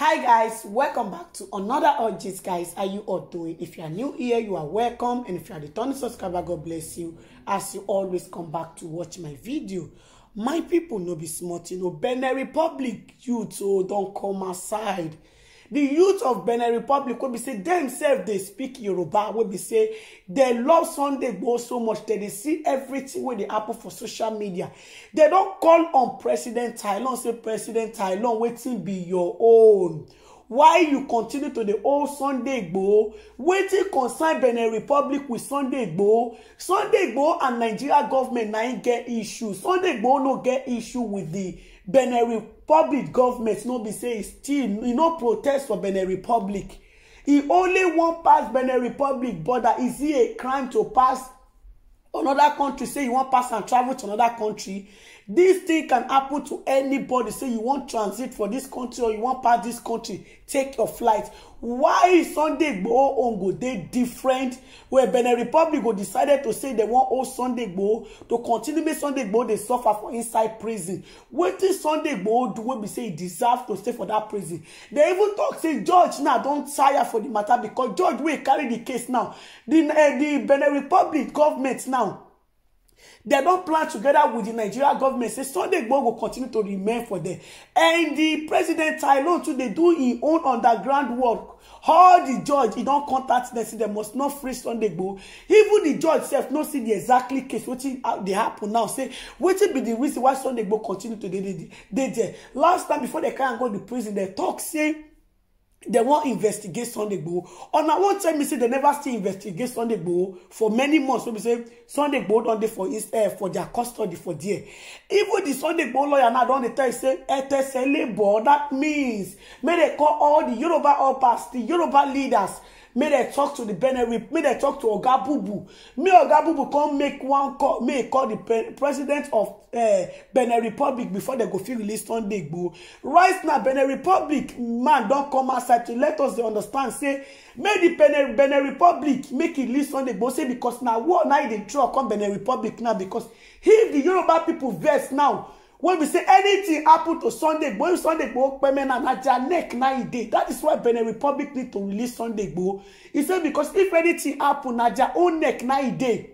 hi guys welcome back to another hot guys how you all doing if you are new here you are welcome and if you are returning subscriber god bless you as you always come back to watch my video my people no be small thing o Benin Republic you o don't come aside the youth of benin republic wey be say dem sef dey speak yoruba wey be say dem love sunday igboho so much dem dey see everything wey dey happen for social media dem don call on president tylon say president tylon wetin be your own why you continue to dey hold sunday igboho wetin concern benin republic with sunday igboho sunday igboho and nigeria government na im get issue sunday igboho no get issue with the benin republic government no be say e still e no protest for benin republic e only wan pass benin republic border is e a crime to pass another country say you wan pass and travel to another country This thing can happen to anybody. Say you want transit for this country or you want pass this country, take your flight. Why Sunday Igboho own go dey different? Where Benin Republic go decided to say they want hold Sunday Igboho to continue make Sunday Igboho dey suffer for inside prison. Wetin Sunday Igboho do wey be say he deserve to stay for that prison? They even talk say George now don tire for the matter because George wey carry the case now. The uh, the Benin Republic government now They don't plan together with the nigeria government say sunday igbo go continue to remain for them, and the president tylon too dey do his own underground work all the judge he don't contact them, say they must not free sunday igbo even the judge self not see the exactly case wetin dey happen now say will be the reason why sunday igbo continue to dey there last time before they carry am go to prison they talk say They wan investigate sunday or oh, now wan tell me say they never still investigate sunday gboo for many months wey be say sunday gboo don dey for his eh, for their custody for there even the sunday gboo lawyer now don dey tell you say etesele labour that means may they call all the yoruba all past yoruba leaders May dem talk to the benin May make talk to oga bubu make oga bubu come make one call make e call the pre president of uh, eh, benin republic before they go fit release sunday igboho right now benin republic man don come outside to let us dey understand say may the benin benin republic make e release sunday igboho say because na war na e dey draw come benin republic now because if the yoruba people vex now when we say anything happen to sunday igboho if sunday igboho pemena na their neck na e dey that is why benin republic need to release sunday igboho e say because if anything happen na their own neck na e dey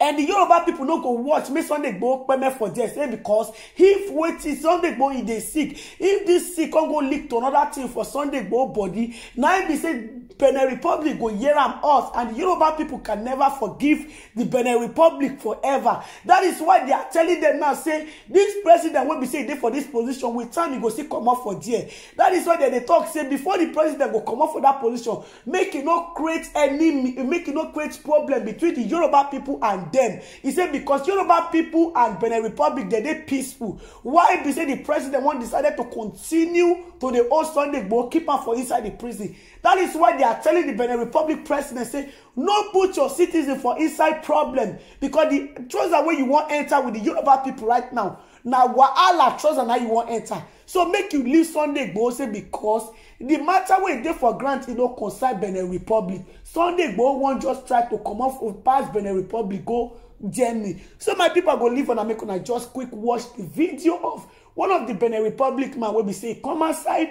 and the yoruba people no go watch make sunday igboho peme for there say because if wetin sunday igboho e dey sick if this sick come go leak to another thing for sunday igboho body na im be say benin republic go hear am us and the yoruba people can never forgive the benin republic forever that is why they are telling them now say this president wey be say e dey for this position with time he go still comot for there that is why they dey talk say before the president go comot for that position make e no create any make e no create problem between the yoruba people and dem he said, because yoruba people and benin republic they're dey peaceful why be say di president wan decided to continue to the old sunday gboo for inside the prison That is why they are telling the benin republic president say no put your citizen for inside problem becos di trouser way you won't enter with the yoruba people right now Now na wahala trouser now you won't enter so make you leave sunday igboho say because the matter wey dey for grant e no concern benin republic sunday igboho wan just try to comot for pass benin republic go germany so my pipo go leave una make una just quick watch the video of one of the benin republic man wey be say come outside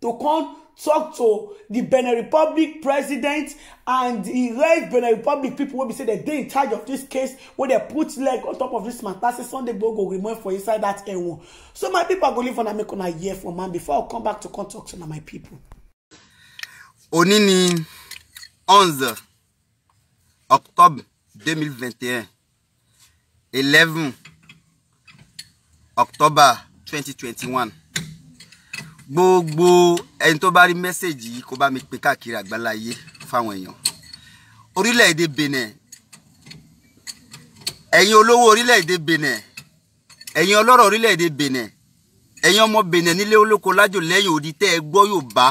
to come talk to the benin republic president and the raised benin republic people will be say dem dey in charge of this case wey they put leg on top of dis matter say sunday gbogbo go remain for inside dat one. so my people are going to leave una make una hear from am before i come back to contact talk of my people. òní onze octobre deux mille vingt et un eleven october twenty twenty one gbogbo ẹni tó bá rí mẹ́sẹ̀gì yìí kó bá mi pè káàkiri àgbáláyé fáwọn èèyàn orílẹ̀-èdè Benin ẹ̀yin olówó orílẹ̀-èdè Benin ẹ̀yin ọlọ́rọ̀ orílẹ̀-èdè Benin ẹ̀yin ọmọ Benin nílé olóko lájò lẹ́yìn odi tẹ́ ẹ gbọ́ Yorùbá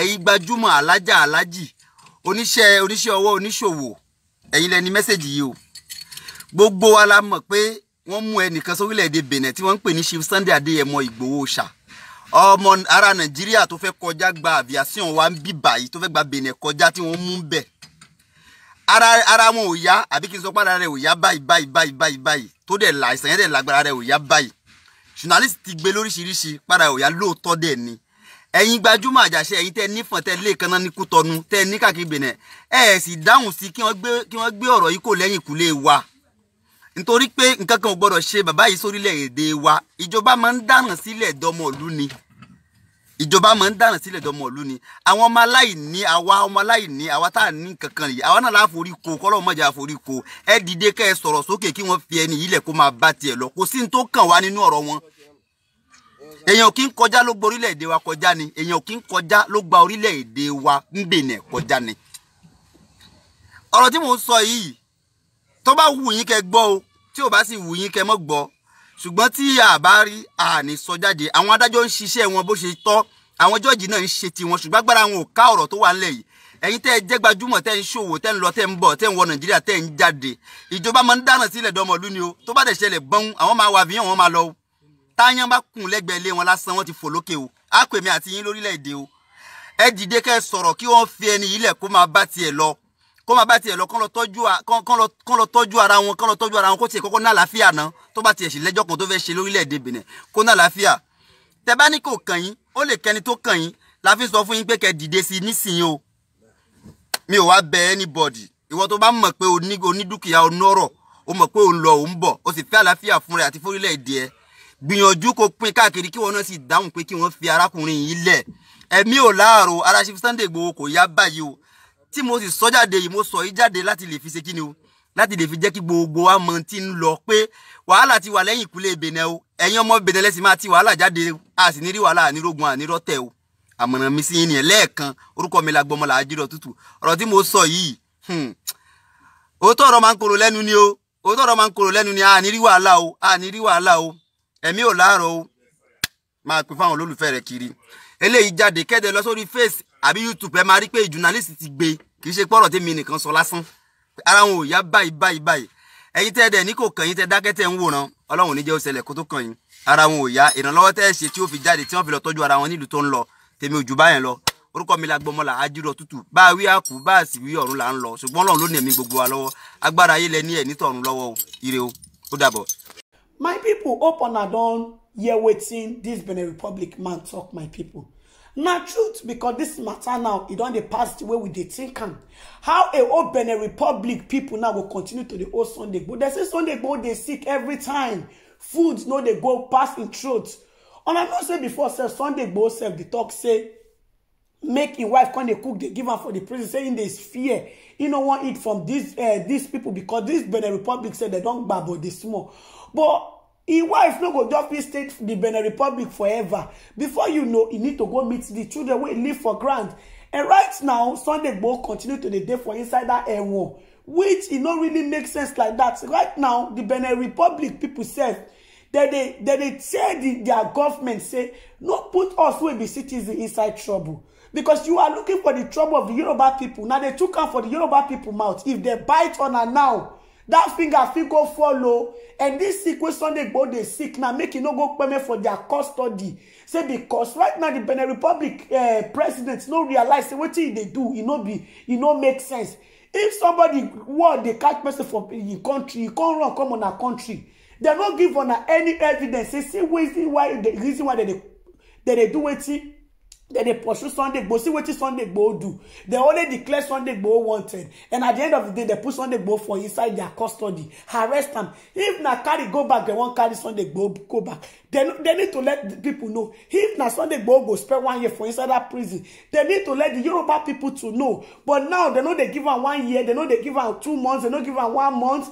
ẹ̀yin gbajúmọ̀ alájà alájì oníṣẹ́ oníṣẹ́ ọwọ́ oníṣòwò ẹ̀yin lẹni mẹ́sẹ̀gì yìí o gbogbo wa la mọ̀ pé wọ́n mú ẹnìkan sórílẹ̀-èdè Benin tí wọ́n ń pè ní Chief Sunday Adéyẹmọ Ìgbòho ṣáà ọmọ ará nàìjíríà tó fẹ́ kọjá gba aviation wa ń bí báyìí tó fẹ́ gba benin kọjá tí wọ́n mú bẹ̀ ara ara wọn ò yá àbí kí n sọ pé ara rẹ ò yá báyìí báyìí báyìí báyìí báyìí tó dẹ̀ la àìsàn yẹn dẹ̀ lágbára rẹ ò yá báyìí journalist ti gbé lóríṣiríṣi para ò yá lóòótọ́ dẹ̀ ni ẹ̀yin gbajúmọ̀ àjàṣe ẹ̀yin tẹ́ nífọ̀n tẹ́ lé kaná ní kútọ́nu tẹ́ ní káàkiri bẹ̀nẹ̀ ẹ̀ sì dáhùn sí kí wọ́n gbé ọ̀rọ̀ yìí kò lẹ́yìn ìkúlé wa nítorí pé nǹkan kan ò gbọ́dọ̀ ṣe bàbá yìí sórílẹ̀ èdè wa ìjọba máa ń dáràn sílẹ̀ dọmọ̀lú ni ìjọba máa ń dànù sílẹ̀ dọmọ ìlú ni àwọn ọmọ aláìní àwa ọmọ aláìní àwa tá à ní kankan yìí àwa náà láforí ko kọ́lọ́ mọ̀jà àforí ko ẹ dìde kẹ́ ẹ sọ̀rọ̀ sókè kí wọ́n fi ẹni ilẹ̀ kó máa bá tiẹ̀ lọ kò sí ní tó kàn wá nínú ọ̀rọ̀ wọn. èèyàn kì í kọjá ló gba orílẹ̀-èdè wa kọjá ni èèyàn kì í kọjá ló gba orílẹ̀-èdè wa ń bènẹ̀ kọjá ni. ọ̀rọ̀ tí mò ń sọ yìí tó bá wù yín kẹ́ gbọ́ o tí ò bá sì ṣùgbọ́n tí a bá rí àní sọ jáde àwọn adájọ́ ń ṣiṣẹ́ wọn bó ṣe tọ́ àwọn jọ́ọ̀jì náà ń ṣe tiwọn ṣùgbọ́n agbára wọn ò ká ọ̀rọ̀ tó wà ńlẹ̀ yìí ẹ̀yin tẹ́ ẹ jẹ́ gbajúmọ̀ tẹ́ ń ṣòwò tẹ́ ń lọ tẹ́ ń bọ̀ tẹ́ ń wọ nàìjíríà tẹ́ ń jáde ìjọba máa ń dáná sílẹ̀ dọ́mọ̀lú ni o tó bá dẹ̀ ṣẹlẹ̀ bọ́n àwọn máa wà bí wọn máa lọ o táyán bá kùn lẹ́gbẹ̀ẹ́ ilé wọn lásán wọn ti fò lókè o á pè mí àti yín lórílẹ̀‐èdè o ẹ dìde kẹ́ ẹ sọ̀rọ̀ kí wọ́n fi ẹni yìí lẹ̀ kó máa bá tiẹ̀ lọ kó máa bá tiẹ̀ lọ kán lọ tọ́jú ara wọn kán lọ tọ́jú ara wọn kó tiẹ̀ kọ́kọ́ ná àlàáfíà náà tó bá tiẹ̀ sì lẹ́jọ́ kan tó fẹ́ ṣe lórílẹ̀‐èdè Benin kó ná àlàáfíà tẹ bá ní kò kàn yín ó lè kẹni tó kàn yín la fi sọ fún yín pé kẹ dìde sí nísìnyí o mi ò wá bẹ anybody ìwọ tó bá mọ̀ pé onídùkìá onọ́rọ̀ o mọ̀ pé òun lọ òun bọ̀ o sì fẹ́ àlàáfíà fún rẹ̀ àti fórílẹ̀ èdè ẹ̀ gbìyànjú kó pín káàkiri kí wọn náà sì dáhùn pé kí wọn fi arákùnrin yìí lẹ̀ ẹ̀mí ò láàrò ara Chief Sunday Igboho kò yá báyìí o tí mo sì sọ jáde yìí mo sọ yìí jáde láti lè fi ṣe kí ni o láti lè fi jẹ́ kí gbogbo wa mọ tí ń lọ pé wàhálà ti wà lẹ́yìn ìkúlé Bẹ̀nẹ̀ o ẹ̀yin ọmọ Bẹ̀nẹ̀ lẹ́sìn máa ti wàhálà jáde a sì ní rí wàhálà ànírógun ànírọ́tẹ̀ o àmọ̀ràn mi sí yín lẹ́ẹ̀kan orúkọ mi làgbọmọ làájírọ̀ tútù ọ̀rọ̀ tí mo sọ yìí hmm, òótọ́ ọ̀rọ̀ máa ń korò lẹ́nu ni o òótọ́ ọ̀rọ̀ máa ń korò lẹ́nu ni a ní rí wàhálà o a ní rí wàhálà o ẹ̀mí ò láàárọ̀ o máa pè fáwọn olólùfẹ́ rẹ̀ kiri eléyìí face àbí YouTube ẹ máa rí pé journalist ti gbé ara wọn ò yá báyìí báyìí báyìí ẹ̀yin tẹ́ dẹ̀ ní kò kàn yín tẹ́ dákẹ́ tẹ́ ń wòran ọlọ́run ò ní jẹ́ ó kó tó kàn yín ara wọn ò yá ìrànlọ́wọ́ tẹ́ ẹ ṣe tí ó fi jáde tí wọ́n fi lọ tọ́jú ara wọn nílùú tó ń lọ tèmi òjú báyẹn lọ orúkọ mi la gbọmọ là á tútù bá a wí àkú bá a sì wí ọ̀run là ń lọ ṣùgbọ́n ọlọ́run ló ní ẹ̀mí gbogbo wa lọ́wọ́ agbára ayé lẹ ní ẹ̀ nítọ̀run lọ́wọ́ o ire o ó dàbọ̀. my people hope and don hear wetin dis Benin Republic man talk my people na truth because this matter now e don dey pass the way we dey think am how a whole benin republic people now go continue to dey hold sunday but dem say sunday go dey sick every time food no dey go pass im throat and i know say before sef sunday go sef dey talk say make im wife come dey cook dey give am for the prison say im dey fear im no wan eat from eh, these dis pipo becos dis benin republic say dem don gbab but dey small but His wife no go just be stay the Benin Republic forever. Before you know, he need to go meet the children wey live for ground. And right now, Sunday Igboho continue to dey dey for inside that ẹ̀wọ̀n, which e no really make sense like that. Right now, the Benin Republic people sef dem dey dem dey tell the their government say no put us wey be citizen inside trouble because you are looking for the trouble of the Yoruba people. Na dey took am for the Yoruba people mouth. If dem bite una now, That finger fit go follow oh. and this sick wey sunday go dey sick na make e no go permit for their custody say because right now the benin republic eh, president no realize say wetin e dey do e no be e no make sense if somebody war dey catch person for im country e come run come on country dem no give on any evidence say see reason why dem dey do wetin dem dey pursue sunday gboo see what is sunday gboo do They only declare sunday gboo wanted and at the end of the day they put sunday gboo for inside their custody arrest them. if Nakari go back they wan carry sunday gboo go back They they need to let people know if na sunday gboo go spend one year for inside that prison they need to let the yoruba people to know but now they know they give am one year they know they give am two months dem no give am one month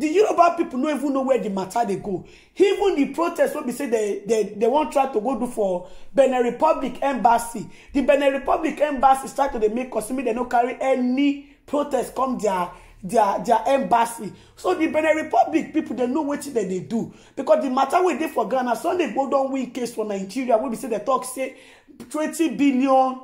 the yoruba people don't even know where the matter they go even the protest wey be say they they they won't try to go do for benin republic embassy the benin republic embassy start to dey make cause make dem no carry any protest come their their their embassy so the benin republic people they know what they they do because the matter we did for ghana So they go down win case for nigeria wey be say they talk say twenty billion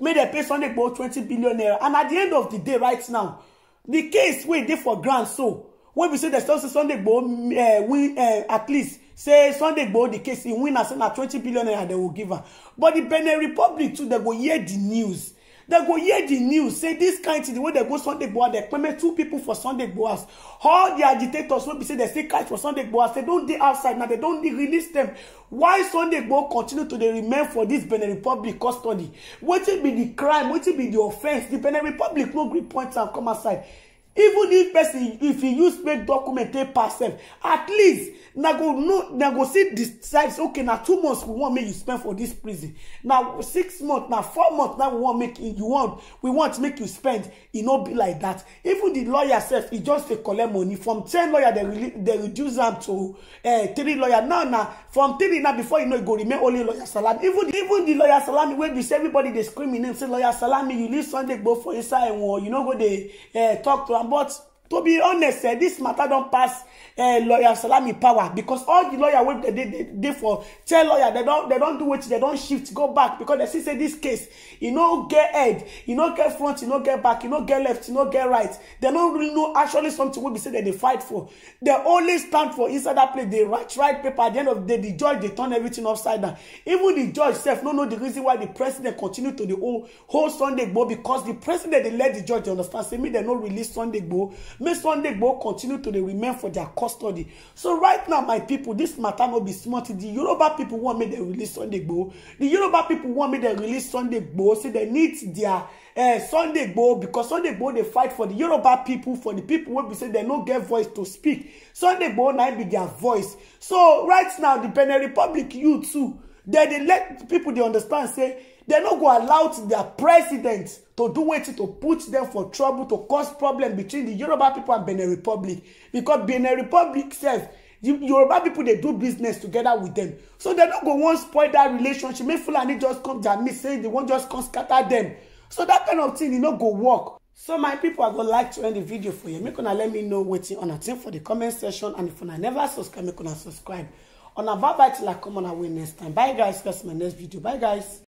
make dem pay sunday gboo twenty billion naira and at the end of the day right now The case wey dey for ground so wey be say dem still say sunday gboo eh, win eh, at least say sunday gboo the case e win as say na 20 billion naira dem go give am but the benin republic too dem go hear the news They go hear the news say this kind the way they go sunday gboa they permit two people for sunday gboas all the agitators wey be say They still catch for sunday gboas Say don dey outside now They don release them. why sunday gboa continue to dey remain for this benin republic custody wetin be the crime wetin be the offence The benin republic no gree point am come outside even if person if e use fake document take pass sef at least na go know na go see decide say okay na two months we wan make you spend for dis prison na six months na four months na we wan make you want we want make you spend e no be like that. even the lawyer sef e just dey collect money from ten lawyer dem reduce am to eh, three lawyer now na from three na before you know e go remain only lawyer salami even even the lawyer salami wey be say everybody dey scream im name say lawyer salami you leave sunday go for inside or you no go dey eh, talk to and what to be honest eh, this matter don pass eh, lawyer salami power because all the lawyer wey dem dey for tell lawyer they don do wetin they don shift go back because dem see say this case e no get head e no get front e no get back e no get left e no get right They no really know actually something wey be say they dey fight for They only stand for inside that place They write write paper at di end of the day di judge dey turn everything upside down even the judge sef no know The reason why the president continue to dey hold sunday gbo because the president dey let the judge understand say make they no release sunday gbo make sunday igboho continue to remain for their custody so right now my people, this matter will be small The yoruba people want me to release sunday igboho di yoruba people want me to release sunday igboho say they need dia eh, sunday igboho because sunday igboho dey fight for the yoruba people, for the people wey be say they no get voice to speak sunday igboho na be their voice so right now the benin republic you too dem they let people they understand say They no go allow their president to do wetin to put them for trouble to cause problem between the yoruba people and benin republic because benin republic sef yoruba people dey do business together with them so they no go wan spoil that relationship make fulani just come jami say they wan just come scatter them so that kind of thing e no go work so my people i go like to end the video for you make una let me know wetin una think for the comment section and if una never subscribe make una subscribe una bye bye till i come on away next time bye guys that's my next video bye guys